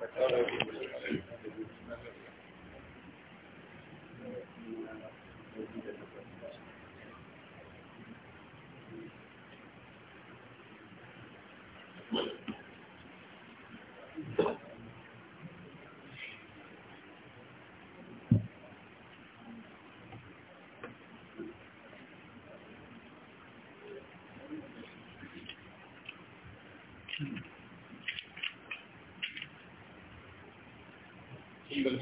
Thank you.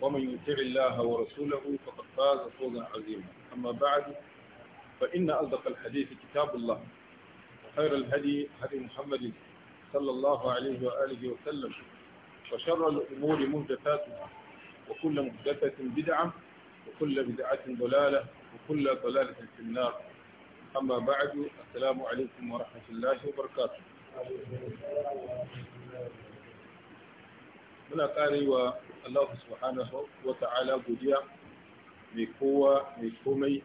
ومن يطع الله ورسوله فقد فاز فوزا عظيما أما بعد فإن أصدق الحديث كتاب الله وخير الهدي هدي محمد صلى الله عليه وآله وسلم وشر الأمور محدثاتها وكل محدثة بدعة وكل بدعة ضلالة وكل ضلالة في النار أما بعد السلام عليكم ورحمة الله وبركاته muna ƙare wa Allah subhanahu wa ta'ala godiya mai kowa mai komai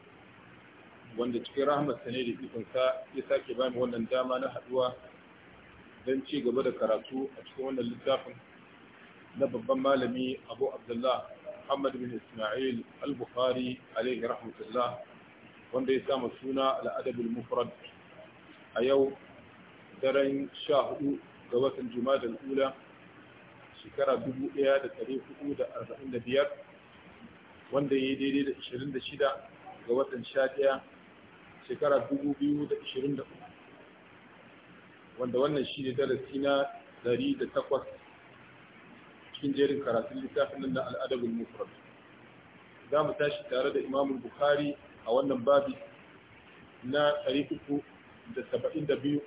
wanda cikin rahmatsa ne da ikonsa ya sake bani wannan dama na haduwa don ci gaba da karatu a cikin wannan littafin na babban malami abu abdullah muhammad bin ismail al-bukhari alaihi rahmatullah wanda ya samu suna al'adabul mufrad a yau daren sha hudu ga watan juma'a da ula shekara 1445 wanda ya yi daidai da 26 ga watan 11 shekara 2023 wanda wannan shi ne darasi na 108 cikin jerin karatun littafin nan na al'adabin mufrad za mu tashi tare da imamun bukari a wannan babi na 372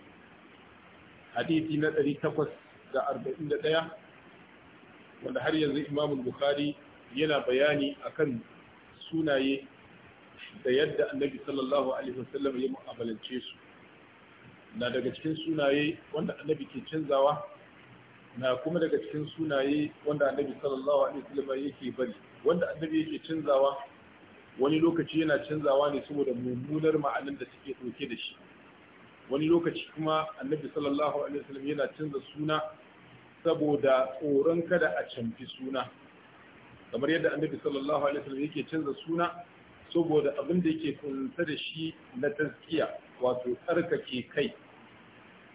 hadithi na 841 wanda har yanzu imam bukhari yana bayani akan sunaye da yadda annabi sallallahu alaihi wasallam ya mu'amalance su na daga cikin sunaye wanda annabi ke canzawa na kuma daga cikin sunaye wanda annabi sallallahu alaihi wasallam yake bari wanda annabi yake canzawa wani lokaci yana canzawa ne saboda mummunar ma'anar da suke dauke da shi wani lokaci kuma annabi sallallahu alaihi wasallam yana canza suna saboda tsoron kada a canfi suna kamar yadda annabi sallallahu alaihi wasallam yake canza suna saboda abin da yake kunta da shi na tazkiya wato tsarkake kai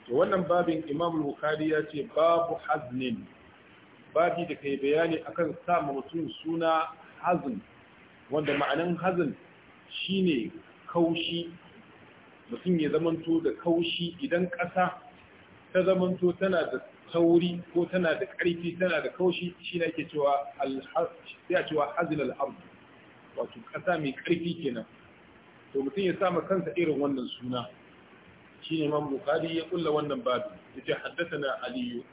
to wannan babin imam bukhari ya ce babu haznin babi da kai bayani akan sa mutum suna hazn wanda ma'anan hazn shine kaushi mutum ya zamanto da kaushi idan ƙasa ta zamanto tana da tauri ko tana da ƙarfi tana da kaushi shi ne ake cewa sai a cewa hazil al'am wato ƙasa mai ƙarfi kenan to mutum ya sama kansa irin wannan suna shi ne Bukhari ya kulla wannan babu ya ce haddasa na aliyu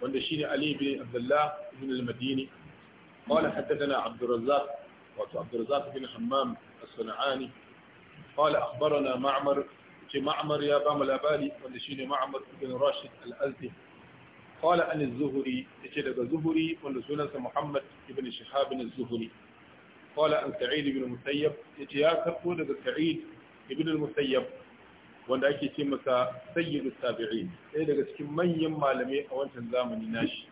wanda shi ne aliyu bin abdullah ibn al-madini قال حدثنا عبد الرزاق وعبد الرزاق بن حمام الصنعاني قال أخبرنا معمر ce ma'amar ya ba mu labari wanda shine ma'amar ibn rashid al-azdi qala an az ya ce daga zuhri wanda sunansa muhammad ibn shihab az-zuhri qala an sa'id ibn musayyab ce ya karɓo daga sa'id ibn musayyab wanda ake ce masa sayyidu tabi'in ɗaya daga cikin manyan malamai a wancan zamani nashi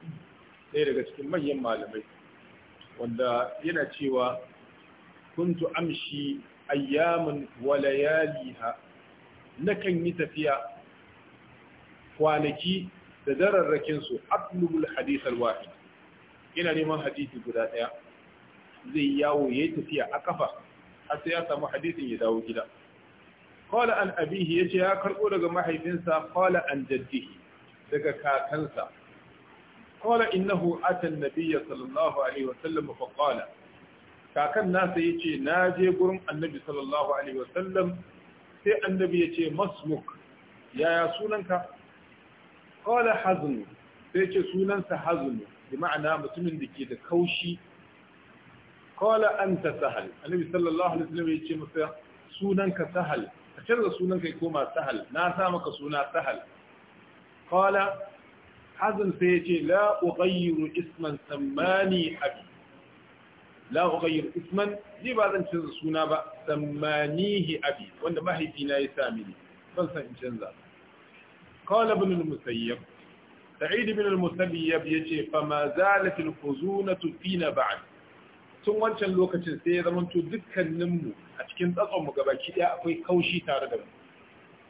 ɗaya daga cikin manyan malamai wanda yana cewa kuntu amshi ayyamun wa Na kan yi tafiya kwanaki da dararrakin su atlubul hadith alwahid ina neman hadisi guda daya zai yawo yayi tafiya a kafa har sai ya samu hadisin ya dawo gida qala an abihi yace ya karbo daga mahaifinsa qala an jaddihi daga kakansa قال إنه أتى النبي صلى الله عليه وسلم فقال كاكن ناس يجي ناجي قرم النبي Sallallahu alaihi wa sallam. sai annabi ya ce masmuk yaya sunanka qala hazm sai ce sunansa hazm bi ma'ana mutumin da ke da kaushi qala anta sahal annabi sallallahu alaihi wasallam ya ce masa sunanka sahal ka canza sunanka ya koma sahal na sa maka suna sahal qala hazm sai ya ce la ughayyiru isman tsammani abi la ughayyir isman ni ba zan canza suna ba samanihi abi wanda mahaifina ya sa mini ban san in canza qala ibn al-musayyib sa'id ibn al-musayyib yace fa ma zalat al-khuzunatu fina tun wancan lokacin sai ya zamanto dukkaninmu a cikin tsatson mu gabaki daya akwai kaushi tare da mu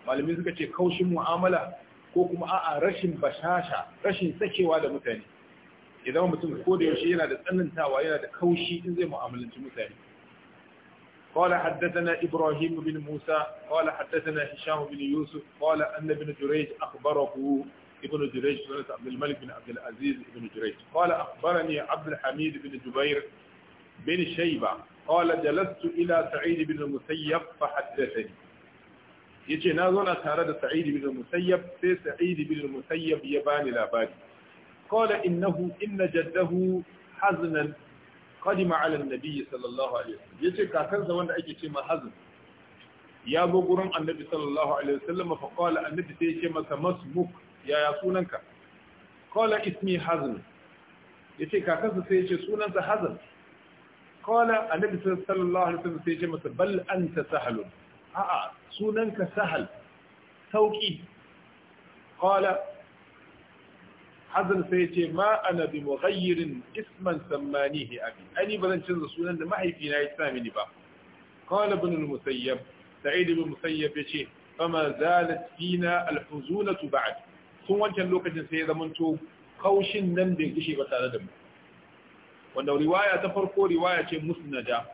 malamai suka ce kaushin mu'amala ko kuma a'a rashin basasha, rashin sakewa da mutane idan mutum ko da yaushe yana da tsanantawa yana da kaushi in zai mu'amalanci mutane qala haddathana ibrahim bin musa qala haddathana hisham bin yusuf qala anna bin jurayj akhbarahu ibnu jurayj sunat abdul malik bin abdul aziz ibnu jurayj qala akhbarani abdul bin shayba qala jalastu ila sa'id bin musayyab fa haddathani yace na zo na tare da sa'id bin musayyab sai sa'id bin musayyab ya bani labari قال إنه إن جده حزنا قدم على النبي صلى الله عليه وسلم يجي كاكن زوان أجي كما حزن يا بقرن النبي صلى الله عليه وسلم فقال النبي سيجي ما مسمك يا يا سوننك قال اسمي حزن يجي كاكن سيجي سوننك حزن قال النبي صلى الله عليه وسلم سيجي ما بل أنت سهل آه سوننك سهل sauƙi ƙwala hazan sai ce ma ana bi mughayyirin isman sammanihi abi ani ba canza sunan da mahaifina ya sa mini ba qala ibn al-musayyab sa'id ibn musayyab yace fama zalat fina al-huzunatu ba'd sun wancan lokacin sai ya zamanto kaushin nan bai gushe ba tare da mu wanda riwaya ta farko riwaya ce musnada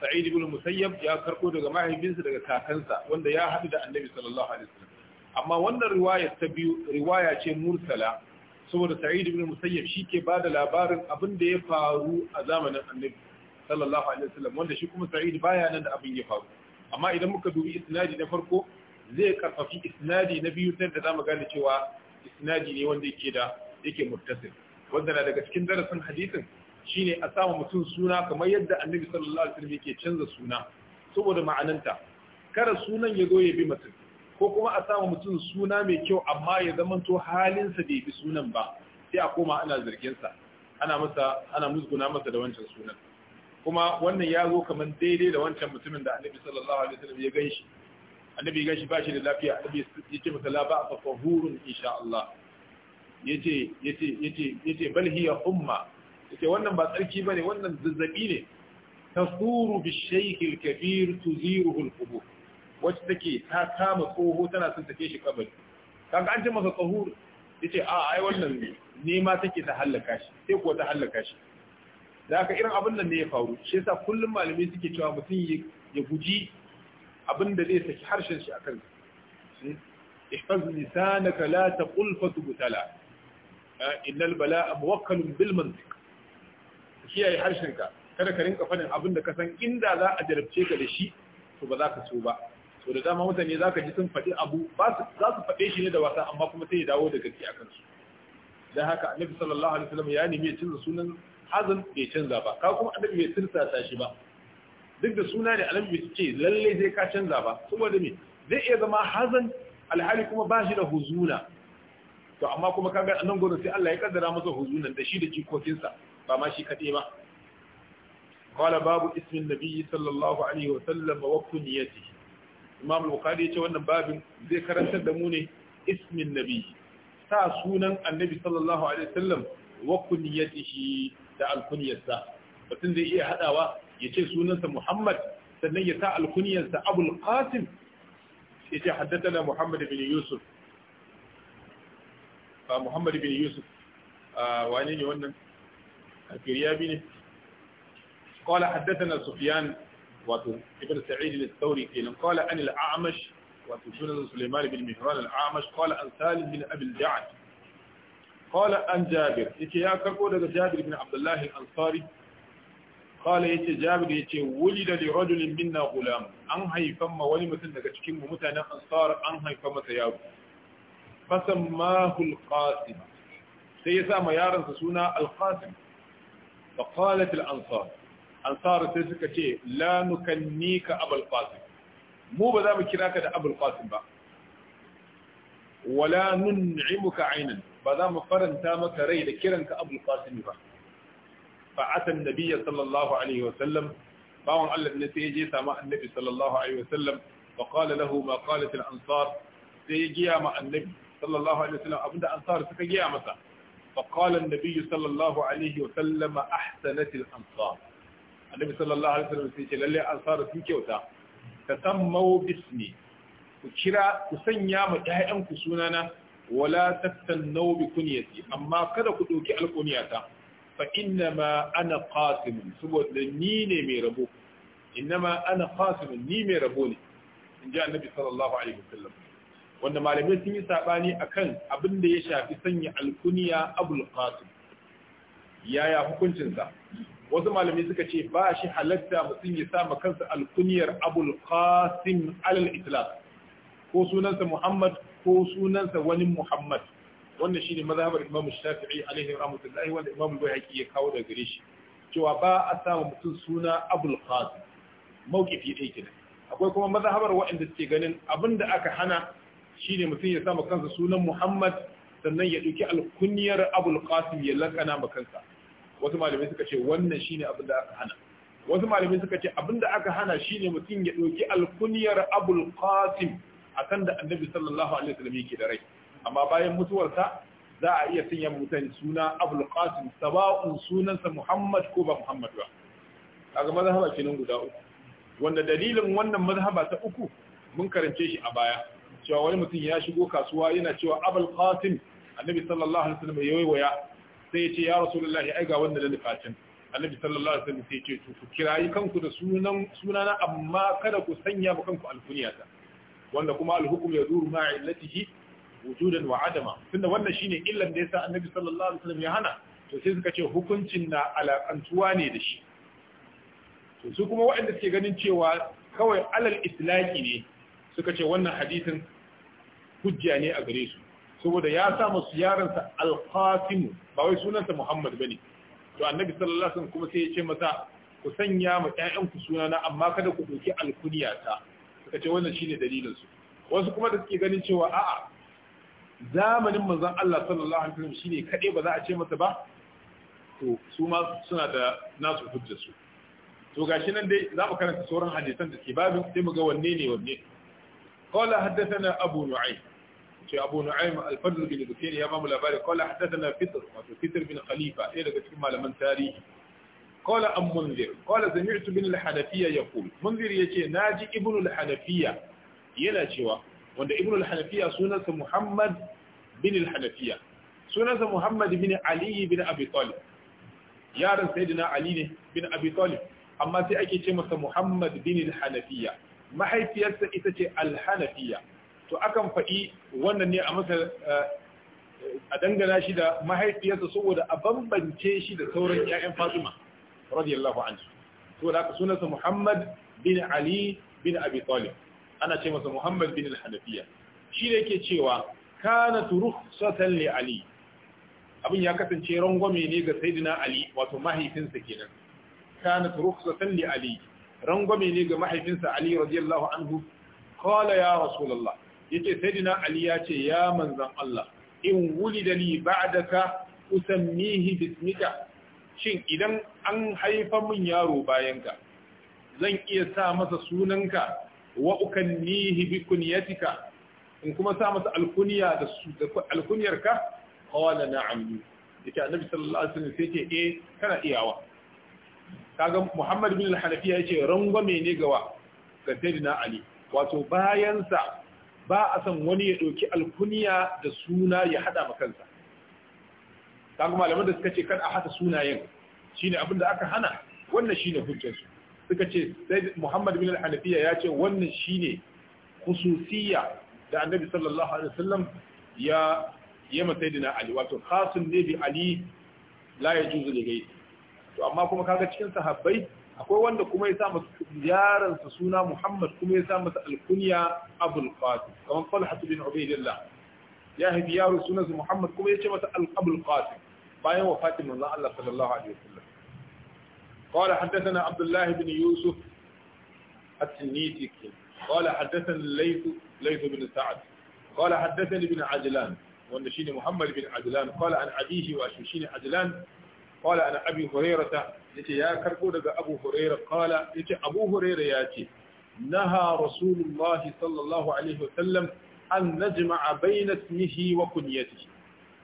sa'id ibn musayyab ya karko daga mahaifinsa daga kakansa wanda ya haɗu da annabi sallallahu alaihi wasallam amma wannan riwaya ta biyu riwaya ce mursala saboda sa'id ibn musayyib shike bada labarin abin da ya faru a zamanin annabi sallallahu alaihi wasallam wanda shi kuma sa'id baya nan da abin ya faru amma idan muka dubi isnadi na farko zai karfafi isnadi na biyu sai da zamu gane cewa isnadi ne wanda yake da yake muttasil wanda na daga cikin darasin hadisin shine a samu mutum suna kamar yadda annabi sallallahu alaihi wasallam yake canza suna saboda ma'ananta kada sunan ya zo ya bi mutum ko kuma a samu mutum suna mai kyau amma ya zamanto halinsa bai bi sunan ba sai a koma ana zarginsa ana masa ana musguna masa da wancan sunan kuma wannan ya zo kamar daidai da wancan mutumin da annabi sallallahu alaihi wasallam ya ganshi annabi ya ganshi ba shi da lafiya annabi ya ce masa la ba'a fahurun insha Allah yace yace yace yace bal hiya umma yace wannan ba tsarki bane wannan zazzabi ne tasuru bi shaykh al-kabir tuziruhu al-qubur wacce take ta kama tsoho tana son take shi kabari kaga an ce masa tsohur yace a ai wannan ne. nema take ta hallaka shi sai kuwa ta hallaka shi da haka irin abin nan ne ya faru shi yasa kullum malamai suke cewa mutum ya guji abin da zai saki harshen shi akan hmm? ihfaz lisanaka la taqul fatubtala innal bala'a muwakkalun bil mantiq kiyaye ka. kada ka rinka faɗin abin da ka san inda za a jarabce ka da shi to ba za ka so ba so da dama mutane za ka ji sun faɗi abu za su faɗe shi ne da wasa amma kuma sai ya dawo da gaske a kansu don haka annabi sallallahu alaihi wasallam ya nemi ya canza sunan hazan bai canza ba ka kuma annabi bai tirsasa shi ba duk da suna ne annabi bai ce lalle zai ka canza ba saboda me zai iya zama hazan alhali kuma ba shi da huzuna to amma kuma kaga nan gurin sai Allah ya kaddara masa huzuna da shi da jikokinsa ba ma shi kaɗai ba قال باب اسم النبي صلى الله عليه وسلم وكنيته imam al-bukhari yace wannan babin zai karantar da mu ne ismin nabi sa sunan annabi sallallahu alaihi wasallam wa kunyatihi da alkunyarsa mutum zai iya hadawa ya ce sunansa muhammad sannan ya sa alkunyarsa abul qasim ya ce haddatana muhammad bin yusuf muhammad bin yusuf wane ne wannan ne? قال حدثنا سفيان وابن سعيد الثوري في قال عن الأعمش وتشون سليمان بن مهران الأعمش قال عن سالم بن أبي الجعد قال عن جابر يتي جابر بن عبد الله الأنصاري قال يتي جابر يتي ولد لرجل منا غلام أن هاي فما ولم تندك تكين ممتنى أنصار أن هاي فما تياب فسماه القاسم سيسام يارن سسونا القاسم فقالت الأنصار ansar sai suka ce la nukannika abul qasim mu ba za mu kira ka da abul qasim ba wala nun'imuka aynan ba za mu faranta maka rai da kiranka abul qasim ba fa atan nabiyya sallallahu alaihi wa sallam Allah ne sai je samu annabi sallallahu alaihi wa sallam fa qala lahu ma qalat al ansar sai giya ma annabi sallallahu alaihi wa sallam abinda ansar suka giya masa فقال النبي صلى الله عليه وسلم annabi sallallahu alaihi wasallam sai ce lalle ansaru sun kyauta tasammau bismi ku kira ku sanya ma ƴaƴan ku sunana wala tattannau bi kunyati amma kada ku dauki alkuniyata fa innama ana qasim saboda ni ne mai rabo innama ana qasim ni mai rabo ne in ji annabi sallallahu alaihi wasallam wanda malamai sun yi sabani akan abin da ya shafi sanya alkuniya abul qasim yaya hukuncinsa wasu malami suka ce ba shi halatta mutum ya sama kansa alkuniyar abul qasim alal itlaq ko sunansa muhammad ko sunansa wani muhammad wannan shine mazhabar imam shafi'i alaihi rahmatullahi wanda imam bayhaqi ya kawo daga gare shi cewa ba a samu mutum suna abul qasim mawqifi dai kenan akwai kuma mazhabar waɗanda suke ganin abinda aka hana shine mutum ya ma kansa sunan muhammad sannan ya ɗauki alkuniyar abul qasim ya lakana ma kansa wasu malamai suka ce wannan shine abin da aka hana wasu malamai suka ce abin da aka hana shine mutum ya ɗauki alkuniyar abul qasim akan da annabi sallallahu alaihi wasallam yake da rai amma bayan mutuwarsa za a iya sanya mutane suna abul qasim saba'un sunansa muhammad ko ba muhammad ba kaga mazhaba kenan guda uku wanda dalilin wannan mazhaba ta uku mun karance shi a baya cewa wani mutum ya shigo kasuwa yana cewa abul qasim annabi sallallahu alaihi wasallam ya waya sai ya ce ya rasulullahi ai ga wanda da nufacin annabi sallallahu alaihi wasallam sai ya ce ku kirayi kanku da sunan sunana amma kada ku sanya ba kanku alkuniyata wanda kuma alhukum ya duru ma'a illatihi wujudan wa adama tunda wannan shine illan da yasa annabi sallallahu alaihi wasallam ya hana to sai suka ce hukuncin na alakantuwa ne da shi to su kuma waɗanda suke ganin cewa kawai alal islaki ne suka ce wannan hadisin hujja ne a gare su saboda ya sa masu yaransa alqasim ba wai sunansa Muhammad bane to annabi sallallahu alaihi wasallam kuma sai ya ce masa ku sanya ma ƴaƴan ku sunana amma kada ku doki alkuniyata suka ce wannan shine dalilin su wasu kuma da suke ganin cewa a'a zamanin manzon Allah sallallahu alaihi wasallam shine kade ba za a ce masa ba to su ma suna da nasu hujja su to gashi nan dai za mu karanta sauran hadisan da ke babin sai mu ga wanne ne wanne qala haddathana abu nu'aym ce Abu Nu'aym al-Fadl bin Zukair ya bamu labari qala haddathana fitar wato fitar bin Khalifa ɗaya daga cikin malaman tarihi qala am Munzir qala sami'tu bin al-Hanafiya yaqul Munzir ce na ji al-Hanafiya yana cewa wanda Ibn al-Hanafiya sunansa Muhammad bin al-Hanafiya sunansa Muhammad bin Ali bin Abi Talib yaran Sayyidina Ali ne bin Abi Talib amma sai ake ce masa Muhammad bin al-Hanafiya mahaifiyarsa ita ce alhanafiya. to akan faɗi wannan ne a masa eh, a dangana shi da mahaifiyarsa saboda a bambance shi da sauran 'ya'yan fatima radiyallahu anhu da haka sunansa muhammad bin ali bin abi talib ana ce masa muhammad bin al-hanafiya shi ne yake cewa kana rukhsatan li ali abin ya kasance rangwame ne ga sayyidina ali wato mahaifinsa kenan kana rukhsatan li ali rangwame ne ga mahaifinsa ali radiyallahu anhu qala ya rasulullah yace sayyidina ali ya ya manzan Allah in wulida li ba'daka usammihi bismika shin idan an haifa mun yaro bayanka zan iya sa masa sunanka wa ukannihi bi kunyatika in kuma sa masa alkunya da alkunyarka qala na'am yace annabi sallallahu alaihi wasallam sai eh kana iyawa kaga Muhammad bin al-Hanafiya yace rangwame ne gawa ga Sayyidina Ali wato bayansa ba a san wani ya ɗauki alkuniya da suna ya haɗa ma kansa kaga malaman da suka ce kada a haɗa sunayen shine abin da aka hana wannan ne hujjarsu suka ce sai Muhammad bin al-Hanafiya ya ce wannan shine khususiyya da Annabi sallallahu alaihi wasallam ya yama sayyidina Ali wato khasun ne bi Ali la yajuzu da ghayri to amma kuma kaga cikin sahabbai akwai wanda kuma ya sa masa yaransa suna Muhammad kuma ya sa masa alkunya Abul Qasim kamar Talha bin Ubaydillah ya haifi yaro sunansa Muhammad kuma ya ce masa Abul Qasim bayan wafatin manzon Allah sallallahu alaihi wasallam قال حدثنا عبد الله بن يوسف التنيسي قال حدثنا الليث ليث بن سعد قال حدثني بن عجلان والنشين محمد بن عجلان قال عن أبيه وأشمشين عجلان قال عن أبي هريرة yace ya karbo daga Abu Huraira qala yace Abu Huraira yace naha Rasulullahi sallallahu alaihi wasallam an najma'a bayna ismihi wa kunyatihi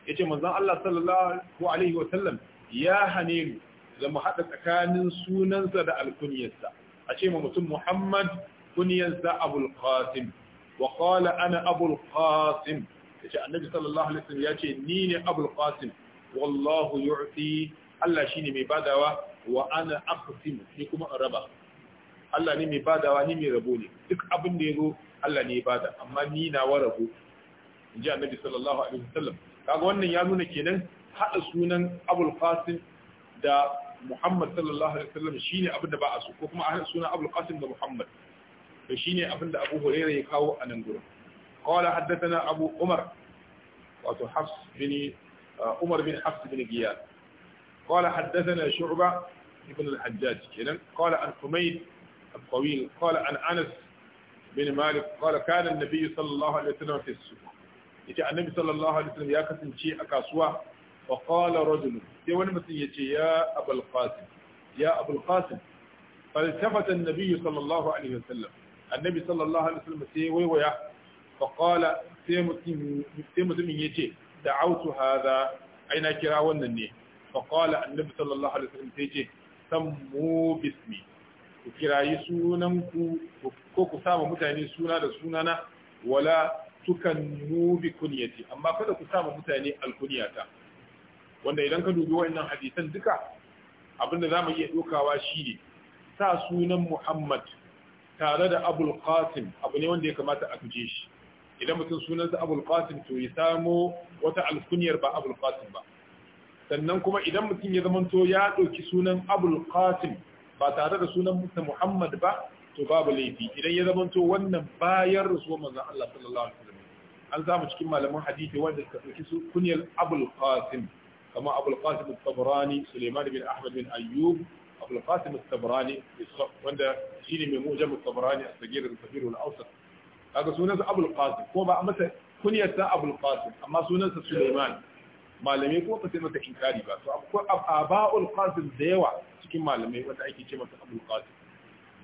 yace manzon Allah sallallahu alaihi wasallam ya hane da mu hada tsakanin sunansa da alkunyarsa a ce ma mutum Muhammad kunyarsa Abul Qasim wa qala ana Abul Qasim yace annabi sallallahu alaihi wasallam yace ni ne Abul Qasim wallahu yu'ti Allah shine mai badawa wa ana aqsim ni kuma in raba Allah ne mai badawa ni mai rabo ne duk abin da yazo Allah ne ya bada amma ni na wa rabo inji annabi sallallahu alaihi wasallam kaga wannan ya nuna kenan hada sunan Abul Qasim da Muhammad sallallahu alaihi wasallam shine abin da ba a so ko kuma a sunan Abul Qasim da Muhammad to shine abin da Abu Hurairah ya kawo a nan gurin qala haddathana Abu Umar wato Hafs bin uh, Umar bin Hafs bin Giyad قال حدثنا شعبة ibn al-hajjaj kenan qala an humayd al-tawil qala an anas bin malik qala kana an-nabiy sallallahu alaihi wasallam fi as-suq annabi sallallahu alaihi wasallam ya kasance a kasuwa fa qala rajul sai wani mutum yace ya abul qasim ya abul qasim فالتفت النبي صلى الله عليه وسلم النبي صلى الله عليه وسلم سيوي ويا فقال سيمتم يجي دعوت هذا أين كرا فقال النبي صلى الله عليه وسلم سيجي sammu bismi ku kirayi sunanku ko ku sama mutane suna da sunana wala tukannu bi kunyati amma kada ku sama mutane alkunyata wanda idan ka dubi wannan hadisan duka abinda zamu iya shi ne. sa sunan Muhammad tare da Abul Qasim abu ne wanda ya kamata a guje shi idan mutum sunansa Abul Qasim to ya samo wata alkuniyar ba Abul Qasim ba sannan kuma idan mutum ya zamanto ya ɗauki sunan abul qasim ba tare da sunan mutum muhammad ba to babu laifi idan ya zamanto wannan bayan rasuwar manzon Allah sallallahu alaihi wasallam an zamu cikin malaman hadisi wanda suka ɗauki kunyar abul qasim kama abul qasim tabrani suleiman bin ahmad bin ayyub abul qasim at-tabrani wanda shine mai mujam at-tabrani a sagir al-kabir al-awsat kaga sunansa abul qasim ko ba a masa kunyar sa abul qasim amma sunansa suleiman malamai kuma ba sai masa inkari ba to akwai aba'ul qasim da yawa cikin malamai wanda ake ce masa abul qasim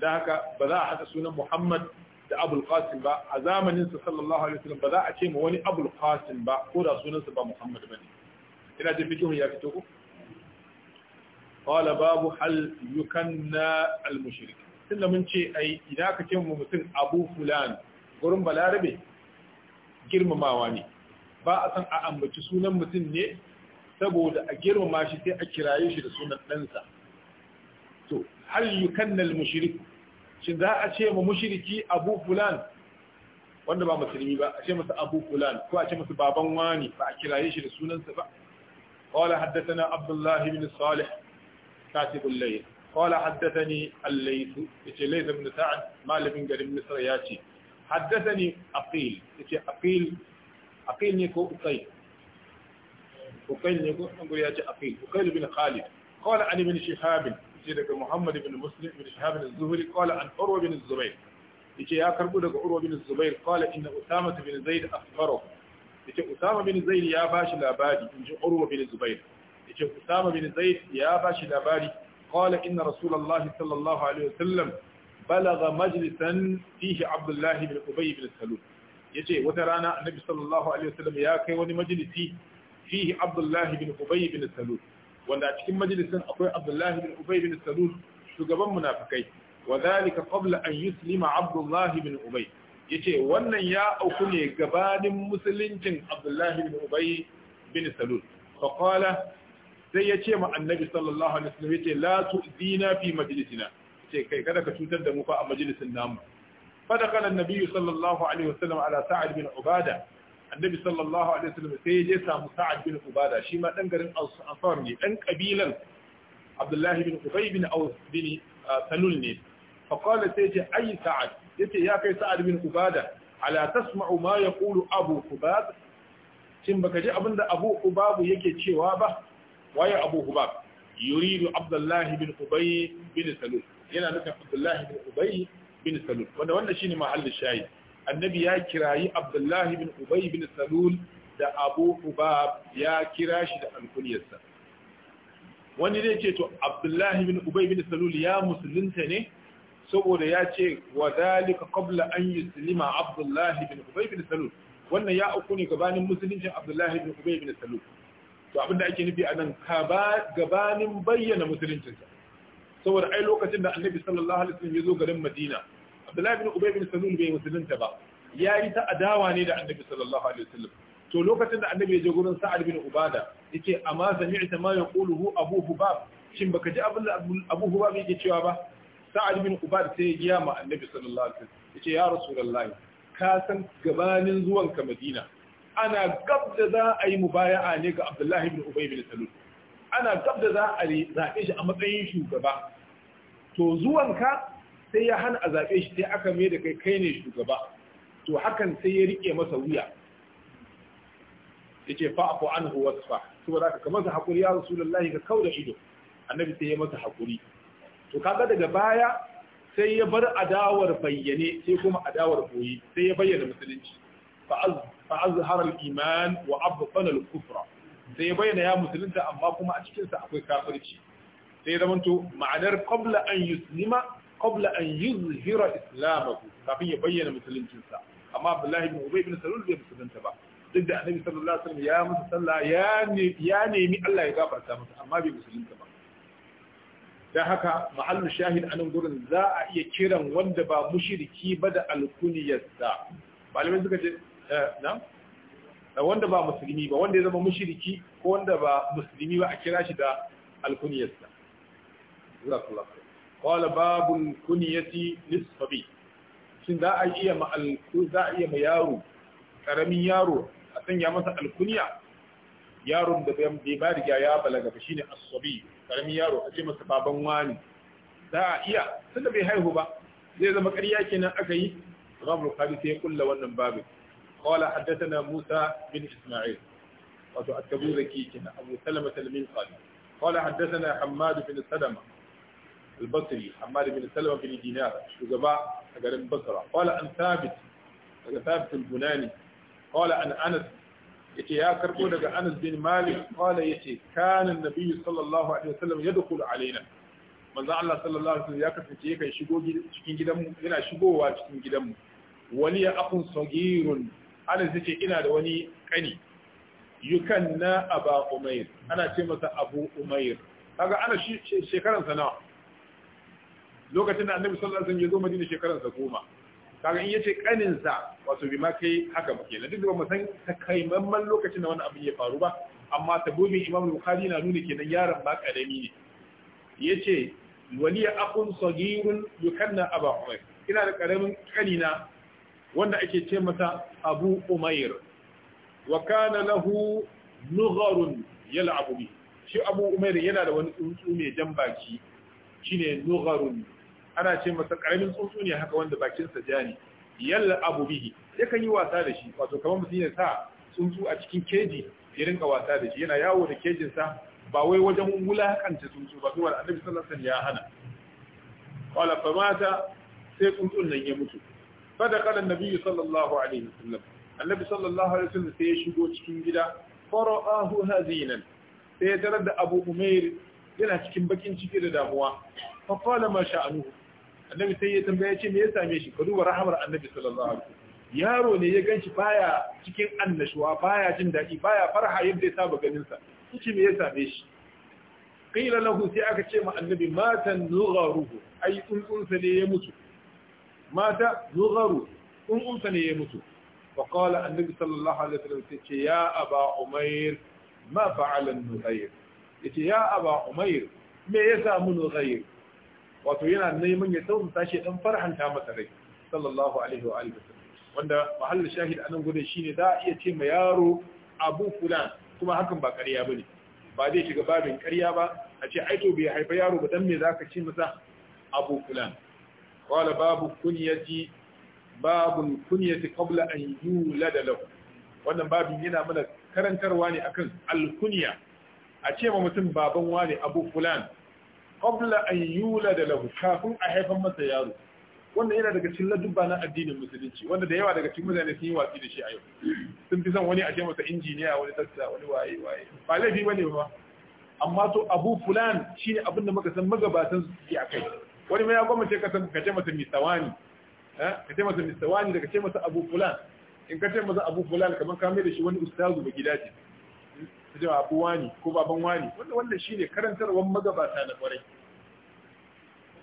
da haka ba za a haɗa sunan muhammad da abul qasim ba a zamanin sa sallallahu alaihi wasallam ba za a ce ma wani abul qasim ba ko da sunansa ba muhammad bane ina da fikihun ya fito ko qala babu hal yukanna al mushrik tunda mun ce ai idan ka ce mu mutum abu fulan gurin balarabe girmamawa ne ba a san a ambaci sunan mutum ne saboda a girmama shi sai a kiraye shi da sunan ɗansa to hal yukannal mushrik shin za a ce mu mushriki abu fulan wanda ba musulmi ba a ce masa abu fulan ko a ce masa baban wani ba a kiraye shi da sunansa ba qala haddathana abdullah ibn salih katib al-layl qala haddathani al-layth yace layth ibn sa'd malamin garin misr yace haddathani aqil yace aqil aqil ne ko uqayl uqayl ne ko an guri ya ce aqil uqayl bin khalid qala ali bin shihab ce daga muhammad bin muslim bin shihab bin zuhri qala an urwa bin zubayr yace ya karbu daga urwa bin zubayr qala inna usama bin zaid akhbarahu yace usama bin zaid ya bashi labari inji urwa bin zubayr yace usama bin zaid ya bashi labari qala inna rasulullahi sallallahu alaihi wasallam بلغ مجلسا فيه عبد الله بن أبي بن سلول Ya ce wata rana annabi sallallahu alaihi wasallam ya kai wani majalisi fihi abdullahi bin ubay bin salul wanda a cikin majalisin akwai abdullahi bin ubay bin salul shugaban munafikai wa dhalika qabla an yuslima Abdullahi bin ubay yace wannan ya auku ne gabanin musuluncin Abdullahi bin ubay bin salul fa qala sai ya ce ma annabi sallallahu alaihi wasallam yace la tu'dina fi majlisina ce kai kada ka cutar da mu fa a majalisin namu فدخل النبي صلى الله عليه وسلم على سعد بن عبادة النبي صلى الله عليه وسلم سيجي سامو سعد بن عبادة شيما دنقرن أنصار ني دن قبيلا عبد الله بن أبي بن أوس بن سلول ني فقال سيجي أي سعد يتي يا كي سعد بن عبادة ألا تسمع ما يقول أبو عباد shin baka ji abin da Abu Hubab yake cewa ba waye Abu Hubab yuridu Abdullah bin Ubay bin Salul yana nufin Abdullah bin Ubay bin salul wanda wannan shine mahallin shayi annabi ya kirayi abdullahi bin ubay bin salul da abu ubab ya kira shi da alkunyarsa wani zai ce to abdullahi bin ubay bin salul ya musulunta ne saboda ya ce wa zalika qabla an yuslima abdullahi bin ubay bin salul wannan ya auku ne gabanin musuluncin abdullahi bin ubay bin salul to abinda ake nufi anan gabanin bayyana musuluncinsa saboda ai lokacin da annabi sallallahu alaihi wasallam ya zo garin madina abdullahi bin ubay bin salul bai musulunta ba ya yi ta adawa ne da annabi sallallahu alaihi wasallam to lokacin da annabi ya je gurin sa'ad bin ubada yace amma sami'ta ma yaquluhu abu hubab shin baka ji abin da abu hubab yake cewa ba sa'ad bin ubada sai ya giya ma annabi sallallahu alaihi wasallam yace ya rasulullahi ka san gabanin zuwanka ka madina ana gab da za a yi mubaya'a ne ga abdullahi bin ubay bin salul ana gab da za a zaɓe shi a matsayin shugaba to zuwanka sai ya hana a zaɓe shi sai aka mai da kai kai ne shugaba to hakan sai ya riƙe masa wuya ya ce fa'afu an huwa fa saboda ka masa haƙuri ya rasulullahi ka kau da ido annabi sai ya masa haƙuri to kaga daga baya sai ya bar adawar bayyane sai kuma adawar koyi sai ya bayyana musulunci fa azhara al-iman wa abtana kufra sai ya bayyana ya musulunta amma kuma a cikinsa akwai kafirci sai zama to ma'anar qabla an yuslima qabla an yuzhira islamahu kafin ya bayyana musuluncinsa amma Abdullahi ibn Ubay ibn Salul bai musulunta ba duk da Annabi sallallahu alaihi wasallam ya musu sallah ya nemi Allah ya gafarta masa amma bai musulunta ba dan haka mahallu shahid anan gurin za a iya kiran wanda ba mushriki ba da alkuniyarsa malamai suka ce eh, na wanda ba musulmi ba wanda ya zama mushriki ko wanda ba musulmi ba a kira shi da alkuniyarsa jazakallahu khair qala babul kunyati shin za a iya ma za a iya ma yaro karamin yaro a sanya masa alkuniya yaron da bai ba riga ya balaga ba shi ne asobi. karamin yaro a ce masa baban wani za a iya da bai haihu ba zai zama ƙarya kenan aka yi ramar Bukhari sai ya kulla wannan babin قال حدثنا موسى بن إسماعيل wato at-tabuzi kina Abu Salama al-Minqali qala haddathana Hammad bin Salama al-Basri Hammad bin Salama bin Dinar shugaba a garin Basra qala an Thabit daga Thabit al-Bunani qala an Anas yace ya karbo daga Anas bin Malik qala yace kana an-nabiy sallallahu alaihi wasallam yadkhulu alaina manzo Allah sallallahu alaihi wasallam ya kasance yakan shigo cikin gidanmu yana shigowa cikin gidanmu waliya akhun sagirun anas ce ina da wani kani na aba umair ana ce masa abu umair kaga ana shekaran sa nawa lokacin da annabi sallallahu alaihi wasallam ya zo madina shekaran sa goma kaga in yace kanin sa wato bi ma kai haka ba kenan duk da mu san takaimamman lokacin da wani abu ya faru ba amma tabobin imam bukhari na nuna kenan yaron ba karami ne yace waliya akun sagirun yukanna aba umair ina da karamin kanina wanda ake ce masa abu umair wa kana lahu nugharun yal'abu bi shi abu umair yana da wani tsuntsu mai jan baki shine nugharun ana ce masa karamin tsuntsu ne haka wanda bakin sa jani yal'abu bihi yakan yi wasa da shi wato kamar mutum ya sa tsuntsu a cikin keji ya rinka wasa da shi yana yawo da kejin sa ba wai wajen wulakanta tsuntsu ba kuma annabi sallallahu alaihi wasallam ya hana qala mata, sai tsuntsun nan ya mutu فدخل النبي صلى الله عليه وسلم النبي صلى الله عليه وسلم سيشبو cikin gida fara'ahu hazinan sai ya tarar da Abu Umair yana cikin bakin ciki da damuwa fa qala ma sha'anuhu. annabi sai ya tambaya ce me ya same shi ka duba rahamar annabi sallallahu alaihi wasallam yaro ne ya ganshi baya cikin annashuwa baya jin dadi baya farha yadda ya saba ganin sa kici me ya same shi qila lahu sai aka ce ma annabi matan nugharuhu ai tsuntsun sa ne ya mutu mata yugharu in unsa ne ya mutu fa qala annabi sallallahu alaihi wasallam ce ya aba umair ma fa'ala nughair yace ya aba umair me ya samu nughair wato yana neman ya tausa shi dan farhanta masa rai sallallahu alaihi wa alihi wasallam wanda mahallin shahid anan gudun shine za a iya ce ma yaro abu fulan kuma hakan ba ƙarya bane ba zai shiga babin ƙarya ba a ce aito bai haifa yaro ba dan me zaka ce masa abu fulan قال باب كنيتي باب كنيتي قبل أن يولد له wannan babin yana mana karantarwa ne akan alkunya a ce ma mutum baban wani abu fulan qabla an da lahu kafin a haifan masa yaro wannan yana daga cikin ladubba na addinin musulunci wanda da yawa daga cikin mutane sun yi watsi da shi a yau sun fi son wani a ce masa injiniya wani tasta wani waye waye ba laifi bane ba amma to abu fulan shine abin da muka san magabatan su suke akai wani mai ya gwamnati ka ce masa misawani ka ce masa misawani eh, da ka ce masa abu fulan in ka ce masa abu fulan kamar ka mai da shi wani ustazu ba gida ce ta ce abu wani ko baban wani wanda wannan shine karantarwar magabata na kwarai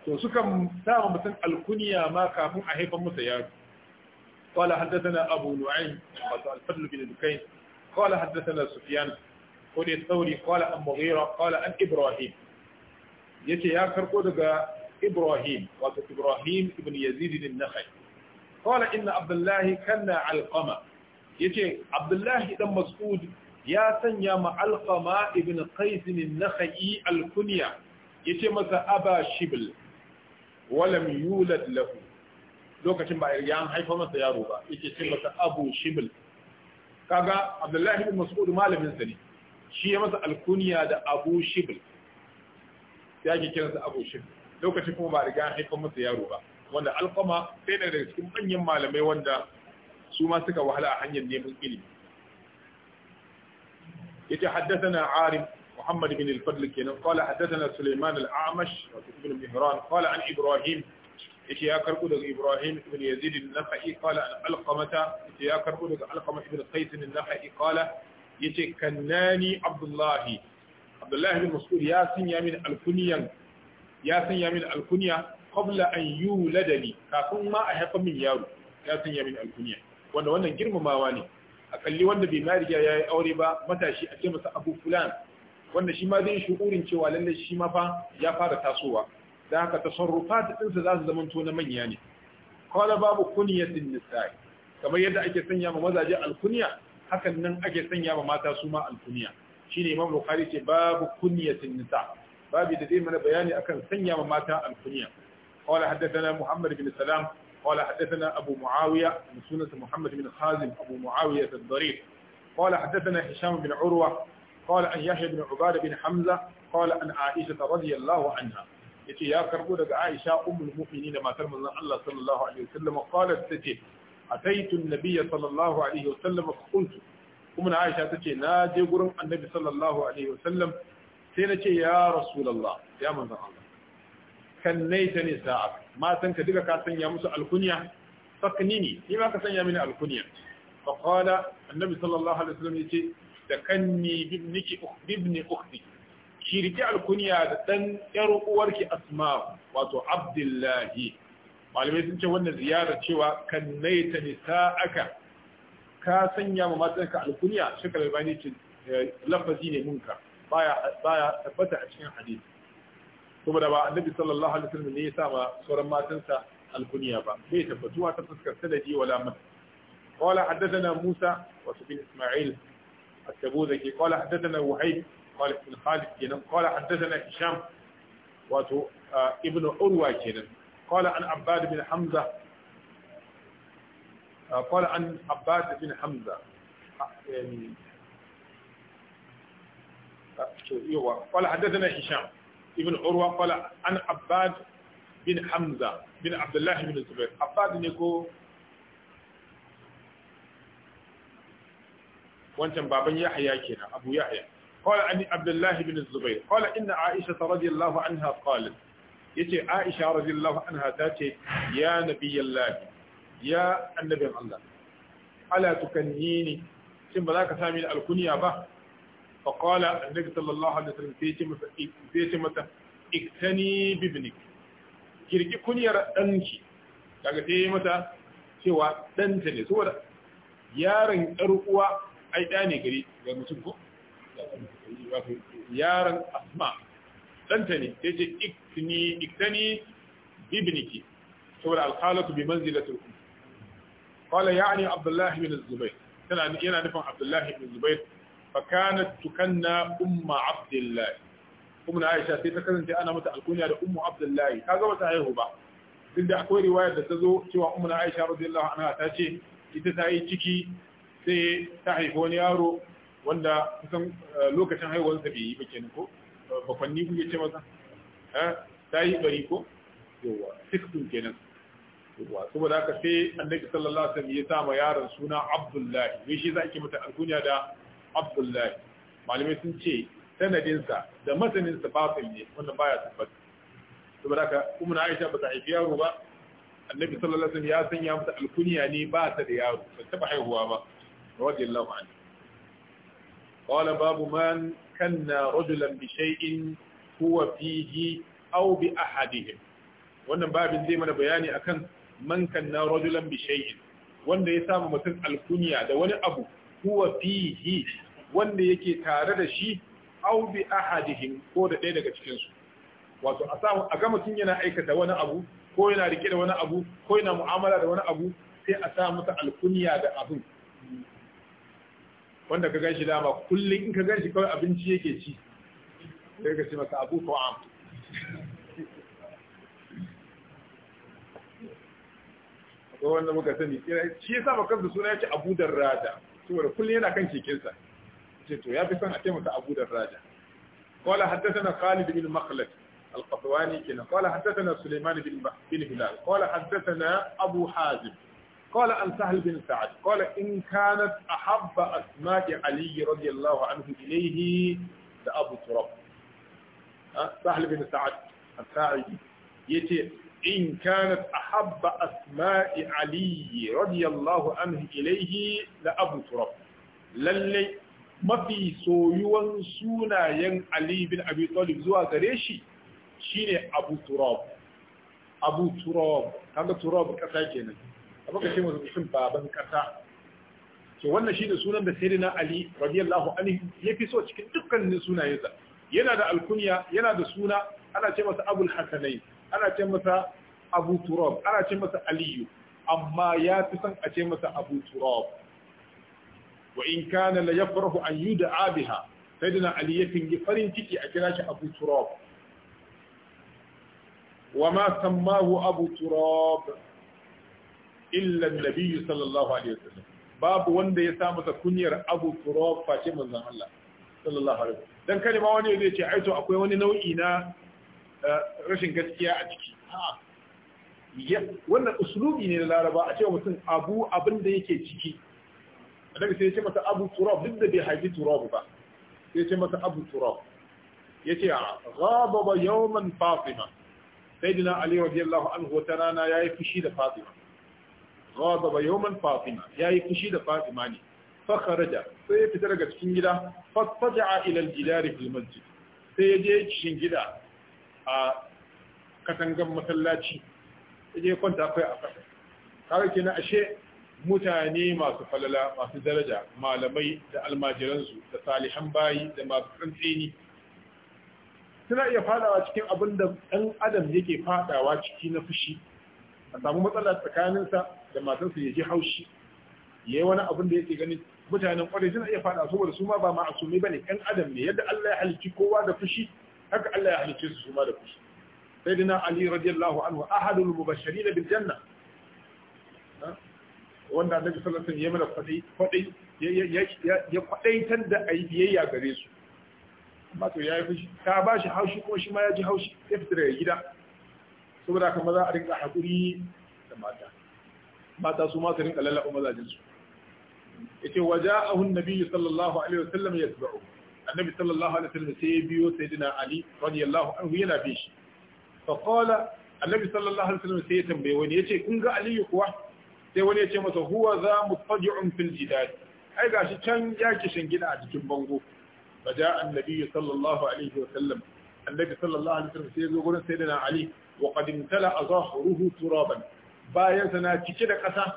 to su sa ma mutum alkuniya ma kafin a haifan masa yaro قال حدثنا أبو نعيم الفضل بن دكين قال حدثنا سفيان قال الثوري قال an مغيرة قال an ibrahim يتي ya karko daga. إبراهيم وقت إبراهيم ابن يزيد النخعي قال إن عبد الله كان علقمة يجي عبد الله بن مسعود يا سنيا مع علقمة ابن قيس النخعي الكنية يجي مثل أبا شبل ولم يولد له lokacin ba ya an haifa masa yaro ba yake ce masa abu shibl kaga abdullahi ibn mas'ud malamin ne shi ya masa alkuniya da abu shibl ya ke kiransa abu lokacin kuma ba riga haifa masa yaro ba wanda alqama sai ne daga cikin manyan malamai wanda su ma suka wahala a hanyar neman ilimi yace haddathana arif محمد بن الفضل كينان قال حدثنا سليمان الأعمش بن مهران قال عن إبراهيم إشي أكركو دق إبراهيم بن يزيد النخعي قال عن علقمة إشي أكركو دق علقمة بن قيس النخعي قال يشي كناني عبد الله عبد الله بن مسعود ياسين يامين الكنيان ya sanya min alkunya qabla an yuladani kafin ma a haifa min yaro ya sanya min alkunya wanda wannan girmamawa ne A kalli wanda bai ma ya yi aure ba matashi a ce masa abu fulan wanda shi ma zai shukurin cewa lalle shi ma fa ya fara tasowa dan haka tasarrufat din sa zasu zamanto na manya ne qala babu kunyatin nisa'i kamar yadda ake sanya ma mazaje alkunya hakan nan ake sanya ma mata su ma alkunya shine imam bukhari ce babu kunyatin nisa babu da zai mana bayani akan sanya ma mata alkunya qala haddathana muhammad bin salam qala haddathana abu muawiya sunan muhammad bin khazim abu muawiya ad-darif qala haddathana hisham bin urwa qala an yahya bin ubada bin hamza qala an aisha radiyallahu anha yace ya karbo daga aisha ummul mu'minin da matar manzon Allah sallallahu alaihi wasallam qalat tace ataitu an-nabiy sallallahu alaihi wasallam fa qultu kuma aisha tace na je gurin annabi sallallahu alaihi wasallam sai na ce ya rasulallah ya manzan Allah kan naita ne sa'a matan ka duka ka sanya musu alkunya fakni ni ni ma ka sanya mini alkunya fa qala annabi sallallahu alaihi wasallam yace da kanni bibniki bibni ukhti ki rike alkunya da dan yar uwarki asma wato abdullahi malamai sun ce wannan ziyara cewa kan naita ne sa'aka ka sanya ma matan ka alkunya shakal albani ce eh, lafazi ne munka baya tabbata a cikin hadisi saboda ba annabi sallallahu alaihi wasallam ne ya sa sauran matansa alkuniya ba bai tabbatuwa ta fuskar sanadi wala mata قال حدثنا موسى وسبيل bin التبوذكي قال حدثنا وحيد قال ابن خالد كينا قال حدثنا هشام واتو ابن عروة كينا قال yawa qala haddathana hisham ibn urwa qala an abbad bin hamza bin abdullah bin zubair abbad ne ko wancan baban yahya kenan abu yahya قال عن عبد الله بن الزبير قال إن عائشة رضي الله عنها قالت يتي عائشة رضي الله عنها تاتي يا نبي الله يا النبي الله ألا تكنيني ثم ذاك سامي الكنية به fa qala annabi sallallahu alaihi wasallam sai ce ce masa iktani bibnik kirki kunyar danki kaga sai mata cewa danta ne saboda yaron yar uwa ai da ne gari ga mutum ko asma danta ne sai ce iktani iktani bibniki saboda alqalatu bi manzilati qala ya'ni abdullah yana nufin abdullah fakanat tukanna umma abdullahi kuma aisha sai ta kasance ana mata alkunya da umma abdullahi kaga bata haihu ba duk da akwai riwaya da ta zo cewa umma aisha radiyallahu anha ta ce ita ta yi ciki sai ta haifi wani yaro wanda kusan lokacin haihuwarsa bai yi ba kenan ko bakwanni kuke ce masa ta yi bari ko yawa sixteen kenan yawa saboda haka sai annabi sallallahu alaihi wasallam ya sa ma yaron suna abdullahi wai shi za ki mata alkunya da abdullahi malamai sun ce sanadinsa da masaninsa batil ne wanda baya tabbata saboda kuma na Aisha ba ta haifi yaro ba annabi sallallahu alaihi wasallam ya sanya mata alkunya ne ba ta da yaro ba taba haihuwa ba radiyallahu anhu qala babu man kanna rajulan bi shay'in huwa fihi aw bi ahadihim wannan babin zai mana bayani akan man kanna rajulan bi shay'in wanda ya samu mutum alkunya da wani abu huwa fihi wanda yake tare da shi aw bi ahadihim ko da ɗaya daga cikin su wato a samu a ga mutum yana aikata wani abu ko yana rike da wani abu ko yana mu'amala da wani abu sai a sa masa alkunya da abin wanda ka ganshi dama kullum in ka ganshi kawai abinci yake ci sai ka ce masa abu ko am ko wanda muka sani shi yasa ba kansa suna yake abu darrada saboda kullum yana kan kekensa ce to ya fi son a taimaka abu da قال حدثنا خالد بن مخلد القطواني كنا قال حدثنا سليمان بن بن هلال قال حدثنا أبو حازم قال عن سهل بن سعد قال إن كانت أحب أسماء علي رضي الله عنه إليه لأبو تراب سهل بن سعد الساعدي يتي in kanat a habba asma'i aliyu radiyallahu anhu ilaihi da abu turab lallai mafi soyuwan sunayen ali bin abi talib gare shi shine abu turab abu turab kaga turab kasa kenan abu ka ce masu isin baban kasa ke wannan shine sunan da sai na ali radiyallahu ya fi so cikin dukkanin sunayensa yana da alkuniya, yana da suna ana ce masa abul ana ce masa abu turab ana ce masa aliyu amma ya fi son a ce masa abu turab wa in kana la yafrahu an yud'a biha sayyidina ali yakin yi farin ciki a kira shi abu turab wa ma sammahu abu turab illa an sallallahu alaihi wasallam babu wanda ya sa masa kunyar abu turab face manzon Allah sallallahu alaihi wasallam dan kalma wani zai ce ai to akwai wani nau'i na rashin gaskiya a ciki wannan usulubi ne na laraba a cewa mutum abu abin da yake ciki annabi sai ya ce masa abu turab duk da bai haifi turab ba sai ya ce masa abu turab ya ce ghaba ba yawman fatima sayyidina ali radiyallahu anhu wata rana yi fushi da fatima ghaba ba yawman fatima yi fushi da fatima ne fa kharaja sai ya fita daga cikin gida fa taja'a ila al-jidar fil masjid sai ya je cikin gida a katangan masallaci je kwanta kai a kasa kawai na ashe mutane masu falala masu daraja malamai da almajiransu da salihan bayi da masu tsantseni suna iya fadawa cikin abin da ɗan adam yake fadawa ciki na fushi a samu matsala tsakaninsa da matarsa ya ji haushi ya yi wani abin da yake ganin mutanen kwarai suna iya fada saboda su ma ba ma ba ne ɗan adam ne yadda Allah ya halicci kowa da fushi haka Allah ya halice su su ma da fushi sayyidina ali radiyallahu anhu ahadul mubashirin bil janna wanda annabi sallallahu alaihi wasallam ya mana fadi fadi ya kwadaitar da ayi biyayya gare su amma to yayi fushi ta ba shi haushi ko shi ma ya ji haushi ya fita daga gida saboda haka maza a rinka hakuri da mata mata su ma su rinka lallaba mazajin su yace waja'ahu an-nabi sallallahu alaihi wasallam yatba'uhu annabi sallallahu alaihi wasallam sai ya biyo sayyidina ali radiyallahu anhu yana bi shi fa qala annabi sallallahu alaihi wasallam sai ya tambaye wani yace kun ga ali kuwa sai wani yace masa huwa za mutfaji'un fil jidad ai gashi can ya kishin gida a cikin bango fa ja'a annabi sallallahu alaihi wasallam annabi sallallahu alaihi wasallam sai ya zo gurin sayyidina ali wa qad imtala azharuhu turaban bayan sana cike da kasa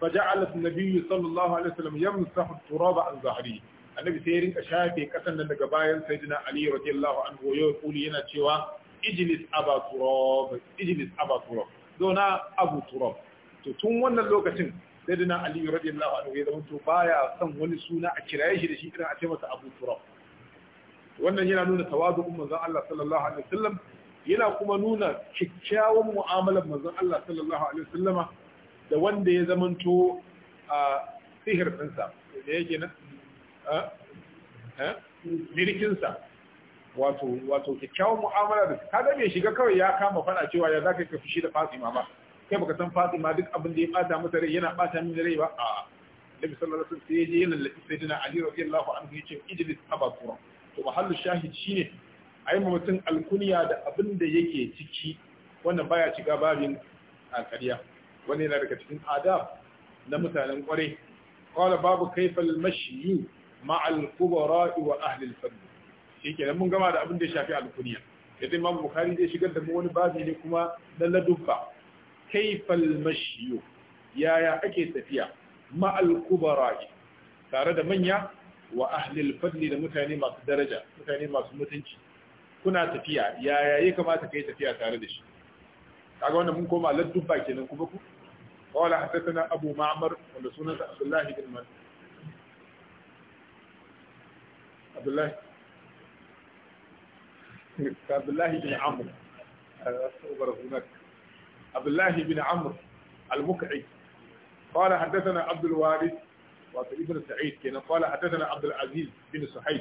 فجعل النبي صلى الله عليه وسلم يمسح التراب عن ظهره annabi sai ya rinka shafe kasan nan daga bayan sayyidina ali radiyallahu anhu ya kuli yana cewa ijlis aba turab ijlis aba turab dona abu turab to tun wannan lokacin sayyidina ali radiyallahu anhu ya zama to baya son wani suna a kiraye shi da shi irin a ce masa abu turab wannan yana nuna tawazu'un manzon Allah sallallahu alaihi wasallam yana kuma nuna kyakkyawan mu'amalar manzon Allah sallallahu alaihi wasallama da wanda ya zamanto a sihir ɗinsa da yake jirkinsa eh? eh? wato wato kyakkyawan mu'amala da ka ga bai shiga kawai ya kama fada cewa ya zaka ka fushi da Fatima ba kai baka san Fatima duk abin da ya bata masa rai yana bata min rai ba a'a Nabi sallallahu alaihi wasallam sai ya je yana lafi sayyidina Ali allahu anhu yace ijlis aba qura to mahallu shahid shine yi mutum alkuniya da abin da yake ciki wannan baya shiga babin a wani yana daga cikin adab na mutanen kwarai. kawai babu kayfal yi ma'al kubara wa ahlil fadl shikenan mun gama da abin da ya shafi alkuniya yadda imam bukhari zai shigar da mu wani babi ne kuma na ladubba kaifal mashiyu yaya ake tafiya ma'al kubara tare da manya wa ahlil fadli da mutane masu daraja mutane masu mutunci kuna tafiya yaya ya kamata yi tafiya tare da shi kaga wannan mun koma ladubba kenan kuma ku قال حدثنا أبو معمر ورسولنا عبد الله بن مسعود abdullahi abdullahi bin amr أستغفر هناك عبد الله بن عمرو المكعي قال حدثنا عبد الوارث وابن سعيد كان قال حدثنا عبد العزيز بن سحيد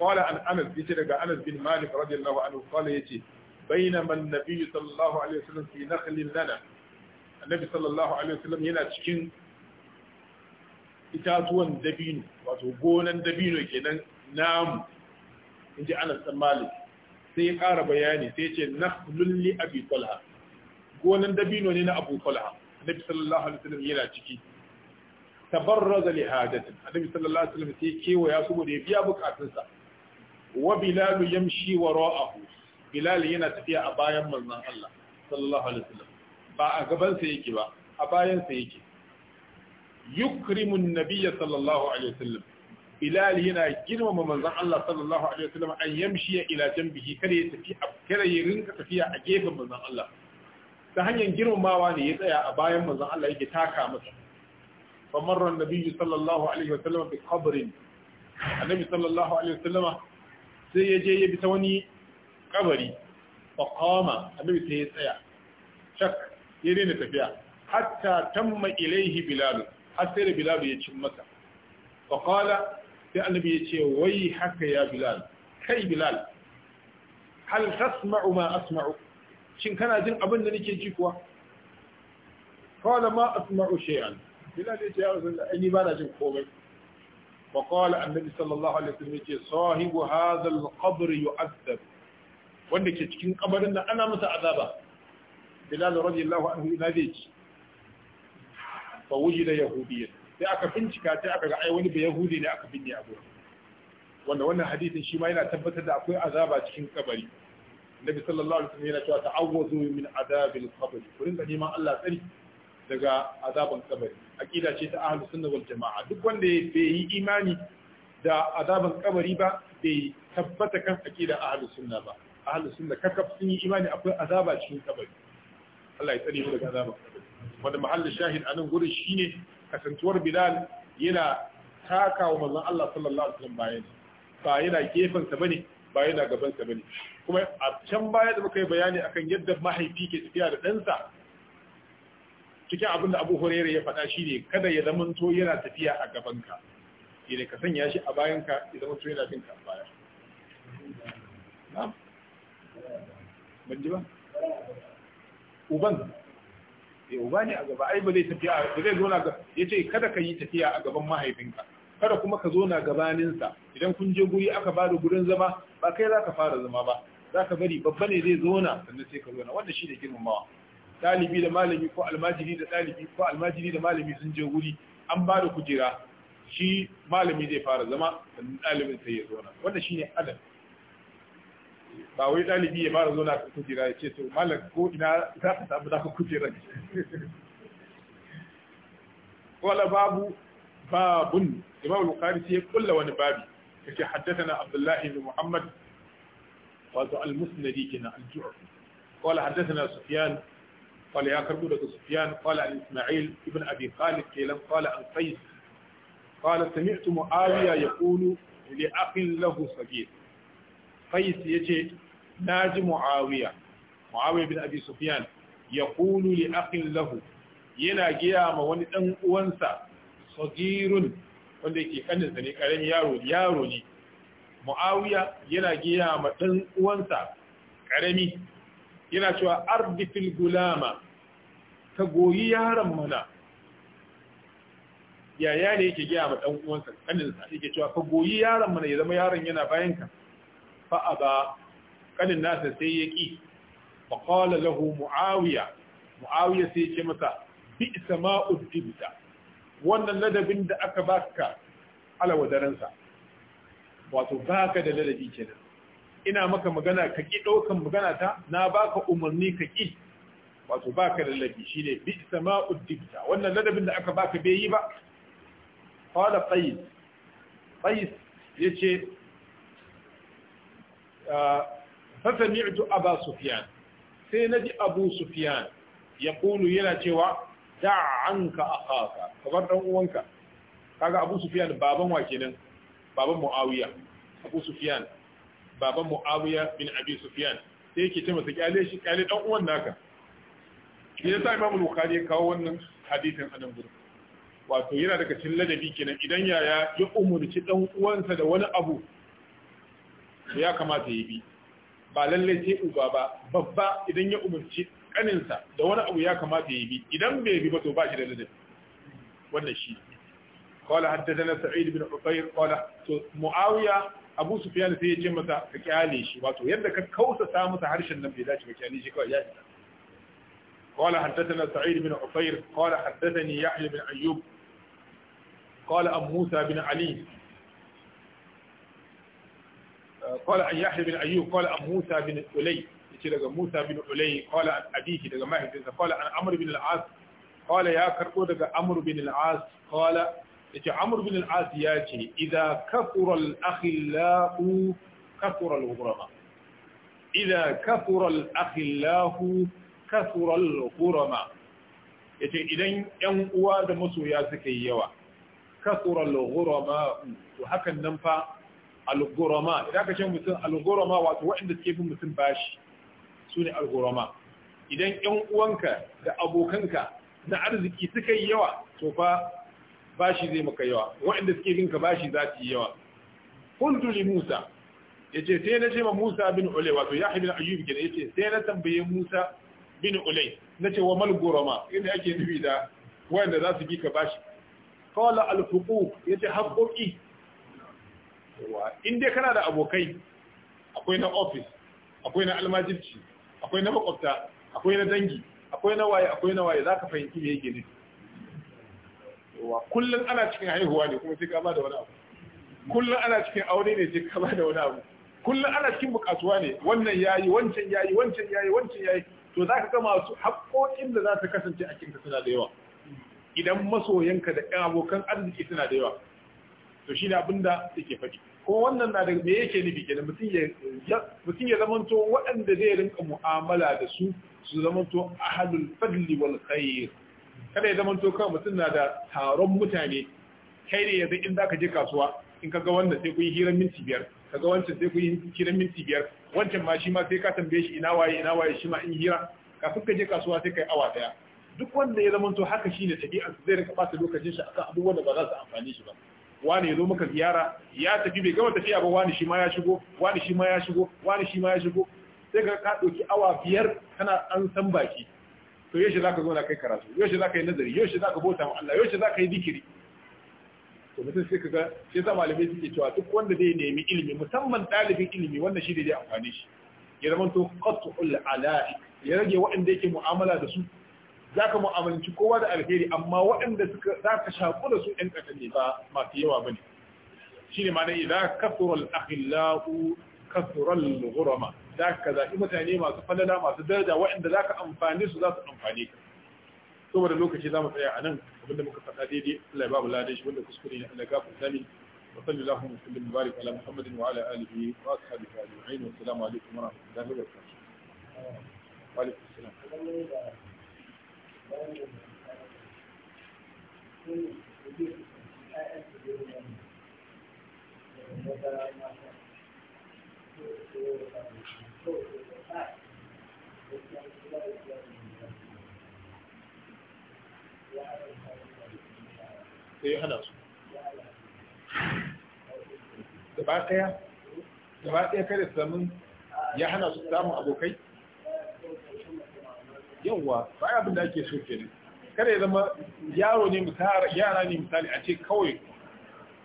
قال عن انس يتدغ انس بن مالك رضي الله عنه قال يتي بينما النبي صلى الله عليه وسلم في نخل لنا النبي صلى الله عليه وسلم yana cikin itatuwan dabino wato gonan dabino kenan namu in ji anas dan malik sai ya ƙara bayani sai ya ce nahlul li abi talha gonan dabino ne na abu talha annabi sallallahu alaihi wasallam yana ciki tabarraza li hadatin annabi sallallahu alaihi wasallam sai ya kewaya saboda ya biya bukatunsa wa bilal yamshi wara'ahu bilal yana tafiya a bayan manzon Allah sallallahu alaihi wasallam ba a gaban sa yake ba a bayan sa yake yukrimun nabiyya sallallahu alaihi wasallam bilal yana girmama manzon Allah sallallahu alaihi wasallam an yamshi ila janbihi kada ya tafi kada ya rinka tafiya a gefen manzon Allah ta hanyar girmamawa ne ya tsaya a bayan manzon Allah yake taka masa fa marra annabi sallallahu alaihi wasallam bi qabrin annabi sallallahu alaihi wasallam sai ya je ya bi ta wani kabari fa qama annabi sai ya tsaya shak ya daina tafiya hatta tamma ilaihi bilal har sai bilal ya cin masa fa qala sai annabi ya ce wai haka ya bilal kai bilal hal tasma'u ma asma'u shin kana jin abin da nake ji kuwa qala ma asma'u shay'an bilal ya ce ya rasulullah ni bana jin komai fa qala annabi sallallahu alaihi wasallam ya ce sahibu hadha al-qabr yu'azzab wanda ke cikin kabarin nan ana masa azaba bilal radiyallahu anhu ina zai ci fa wujida yahudiyyan sai aka bincika sai aka ga ai wani bai yahudi ne aka binne a gurin wanda wannan hadisin shi ma yana tabbatar da akwai azaba cikin kabari nabi sallallahu alaihi wasallam yana cewa ta'awwazu min adabil qabr ku rinka neman Allah tsari daga azaban kabari aqida ce ta ahlus sunna wal jamaa duk wanda bai yi imani da azaban kabari ba bai tabbata kan aqida ahlus sunna ba ahlus sunna kakaf sun yi imani akwai azaba cikin kabari Allah ya tsare mu daga azaban kabari wanda mahallin shahid anan gurin shine kasantuwar bilal yana taka wa manzon Allah sallallahu alaihi wasallam bayani ba yana gefen sa bane ba yana gaban sa bane kuma a can baya da muka yi bayani akan yadda mahaifi ke tafiya da ɗansa cikin abin da Abu Hurairah ya faɗa shine kada ya to yana tafiya a gaban ka ne ka sanya shi a bayan ka ya to yana bin ka a baya na'am ban ji ba uban ya eh, uba ne a gaba ai ba zai tafiya ba zai zo na gaba yace kada ka yi tafiya a gaban mahaifinka kada kuma ka zo na gabaninsa idan kun je guri aka ba da gurin zama ba kai za ka fara zama ba za ka bari babba ne zai zona sannan sai ka zona wanda shi ne girmamawa ɗalibi da malami ko almajiri da ɗalibi ko almajiri da malami sun je guri an ba da kujera shi malami zai fara zama sannan ɗalibin sai ya zona wanda shi ne adam ba wai ɗalibi ya mara zona ka kujera ya ce to malam ko ina za ka samu naka kujera wala babu babun imam bukhari sai ya kulla wani babi yake haddathana abdullahi ibn muhammad wato al-musnadi kenan al-ju'fi قال حدثنا سفيان قال يا كربو دك سفيان isma'il ibn abi khalid أبي خالد كيلم قال عن قيس قال سمعت معاوية يقول لأخ له qais yace naji muawiya muawiya bin abi sufyan yaqulu li akhin lahu yana giya ma wani dan uwansa sagirun wanda yake kanin sa ne karamin yaro yaro ne muawiya yana giya ma dan uwansa karami yana cewa ardifil gulama ka goyi yaron mana yaya ne yake giya ma dan uwansa kanin sa yake cewa ka goyi yaron mana ya zama yaron yana bayan ka فأبى قال الناس سيكي فقال له معاوية معاوية سيكي مسا بئس ما أدبت وانا لدبن دا أكباك على ودرنسا wato baka da ladabi kenan ina maka magana ka ki daukan magana ta na baka umarni ka ki wato baka da ladabi shine bi sama'u dibta wannan ladabin da aka baka bai yi ba qala qais qais yace fasami'tu aba sufyan sai naji abu sufyan yaqulu yana cewa da'a anka akhaka kamar dan uwanka kaga abu sufyan baban wa kenan baban muawiya abu sufyan baban muawiya bin abi sufyan sai yake ce masa kyale shi kyale dan uwan naka shi yasa imam bukhari ya kawo wannan hadisin anan gudu, wato yana daga cikin ladabi kenan idan yaya ya umurci dan uwansa da wani abu to ya kamata ya bi ba lalle ce uba ba babba idan ya umarci kaninsa da wani abu ya kamata ya bi idan bai bi ba to ba shi da ladabi wannan shi قال حدثنا سعيد بن عفير قال معاوية أبو سفيان sai ya ce masa ka kyale shi wato yadda ka kausa sa masa harshen nan bai dace ba kyale shi kawai ya isa قال حدثنا سعيد بن عفير قال حدثني Yahya bin Ayyub, قال أم موسى bin Ali. qala an yahya bin ayyub qala an musa bin ulay daga musa bin ulay qala an abihi daga mahaifinsa qala an amr bin al-as qala ya karbo daga amr bin al-as qala yace amr bin al-as ya yace idza kafura al-akhillau kafura al-ghurama idza kafura al-akhillau kafura al-ghurama yace idan yan uwa da masoya suka yi yawa kasurar lagurama to hakan nan fa Algorama, ghurama idan ka ce mutum Algorama ghurama wato waɗanda suke bin mutum bashi su ne Algorama. idan ƴan uwanka da abokanka na arziki suka yi yawa to fa bashi zai maka yawa waɗanda suke bin ka bashi za su yi yawa kuntu li Musa ce sai na ce ma Musa bin Ulay wato ya bin Ayyub ya ce sai na tambaye Musa bin Na ce wa mal gurama inda ake nufi da wanda za su bi ka bashi qala al ya ce haqqi in dai kana da abokai akwai na ofis akwai na almajirci akwai na makwabta akwai na dangi akwai na waye akwai na waye za ka fahimci me yake nufi yawa kullum ana cikin haihuwa ne kuma sai ka ba da wani abu kullum ana cikin aure ne sai ka ba da wani abu kullum ana cikin bukatuwa ne wannan yayi wancan yayi wancan yayi wancan yayi to za ka ga masu haƙoƙin da za su kasance a cikin suna da yawa idan masoyanka da ƴan abokan arziki suna da yawa to shi ne abin da yake faɗi ko wannan na daga me yake nufi kenan mutum ya zamanto waɗanda zai rinka mu'amala da su su zamanto ahalul fadli wal khair kada ya zamanto kawai mutum na da taron mutane kai ne yanzu in ka je kasuwa in ka ga wannan sai kun yi hirar minti biyar Ka ga wancan sai kun yi hirar minti biyar wancan ma shi ma sai ka tambaye shi ina waye ina waye shi ma in hira kafin ka je kasuwa sai kai awa daya duk wanda ya zamanto haka shine tabi'ar zai rinka ɓata lokacin shi akan abubuwan da ba za su amfani shi ba wani yazo maka ziyara ya tafi bai gama tafiya ba wani shi ma ya shigo wani shi ma ya shigo wani shi ma ya shigo sai ka ka doki awa biyar kana an san baki to yaushe zaka zo na kai karatu yaushe zaka yi nazari yaushe zaka bauta wa Allah yaushe zaka yi zikiri to mutum sai kaga sai sa malamai suke cewa duk wanda zai nemi ilimi musamman dalibin ilimi wannan shi da zai amfane shi ya zama to qat'ul ala'i ya rage waɗanda yake mu'amala da su za ka mu'amalci kowa da alheri amma waɗanda suka za ka shaƙu da su ɗan ƙasa ne ba masu yawa ba ne shi ne mana idan kasural akhillahu kasural gurama za ka zaɓi mutane masu falala masu daraja waɗanda za ka amfani su za su amfani ka saboda lokaci za mu tsaya a nan abinda muka faɗa daidai Allah ya ba mu ladan shi wanda kuskure ne Allah ya gafarta sani wa sallallahu alaihi wa sallam barik ala muhammadin wa ala alihi wa ashabihi ajma'in wa assalamu alaikum wa rahmatullahi wa barakatuh wa alaikum assalam sai ya hana su gaba ɗaya gaba ɗaya kada samun ya hana su samun abokai yawwa ba abin da ake so kenan kada ya zama yaro ne misali yara ne misali a ce kawai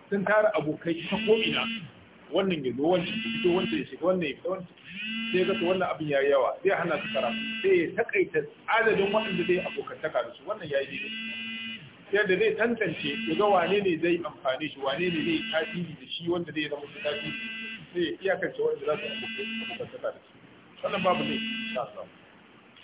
sun tara abokai ta ko'ina wannan ya zo wancan ya fito wancan ya shiga wannan ya fito wancan sai ga wannan abin ya yi yawa zai hana su kara sai ya takaita adadin waɗanda zai abokantaka da su wannan ya yi yadda zai tantance ya ga wane ne zai amfani shi wane ne zai tasiri da shi wanda zai zama tasiri sai ya iyakance wanda za su abokantaka da su wannan babu ne sha Allah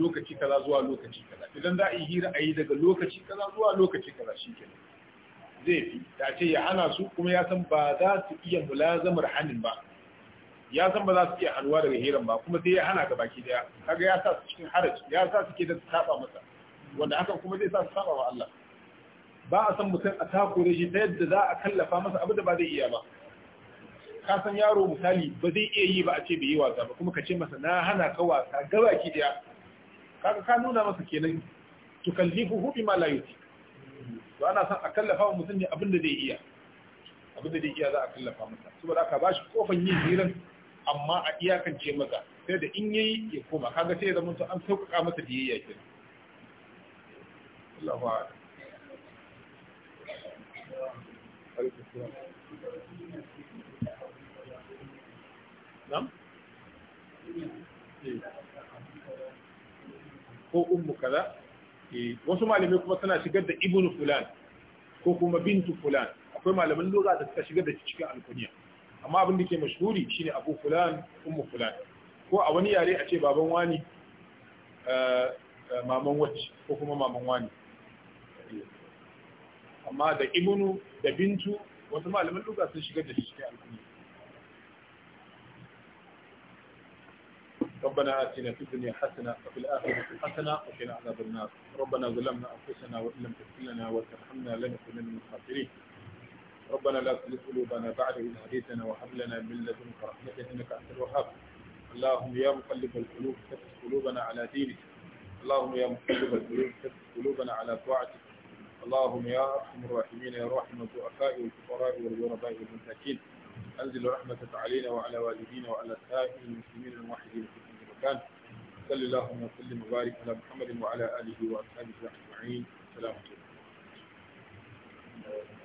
lokaci kaza zuwa lokaci kaza idan za a yi hira a yi daga lokaci kaza zuwa lokaci kaza shi ke zai fi ta ce ya hana su kuma ya san ba za su iya mulazamar hannun ba ya san ba za su iya hannuwa daga hiran ba kuma sai ya hana ga baki daya kaga ya sa su cikin haraj ya sa su ke da saba masa wanda hakan kuma zai sa su saba wa Allah ba a san mutum a takure shi ta yadda za a kallafa masa abu da ba zai iya ba ka san yaro misali ba zai iya yi ba a ce bai yi wasa ba kuma ka ce masa na hana ka wasa gabaki daya kaga ka nuna masa kenan hu bima la yuti to ana son a kallafa wa mutum ne abin zai iya abin zai iya za a kallafa masa saboda aka bashi kofan yin hirin amma a iyakance maka sai da in yayi ya koma kaga sai ya zama an sauƙaƙa masa biyayya kenan Allahu a'lam Yeah. ko ummu kaza eh, wasu malamai kuma suna shigar da ibnu fulan ko kuma bintu fulan akwai malaman lura da suka shigar da cikin alkuniya amma abin da ke mashhuri shine abu fulan ummu fulan ko a wani yare a ce baban wani eh, maman wacce ko kuma maman wani amma da ibnu da bintu wasu malaman lura sun shigar da cikin alkuniya ربنا آتنا في الدنيا حسنة وفي الآخرة حسنة وقنا عذاب النار ربنا ظلمنا أنفسنا وإن لم تغفر لنا وترحمنا لنكن من الخاسرين ربنا لا تزغ قلوبنا بعد إذ هديتنا وهب لنا من لدنك رحمة إنك أنت الوهاب اللهم يا مقلب القلوب ثبت قلوبنا على دينك اللهم يا مقلب القلوب ثبت قلوبنا على طاعتك اللهم يا أرحم الراحمين يا راحم الضعفاء والفقراء والغرباء والمساكين أنزل رحمتك علينا وعلى والدينا وعلى سائر المسلمين الموحدين في المكان صلى اللهم وسلم وبارك على محمد وعلى اله واصحابه اجمعين السلام عليكم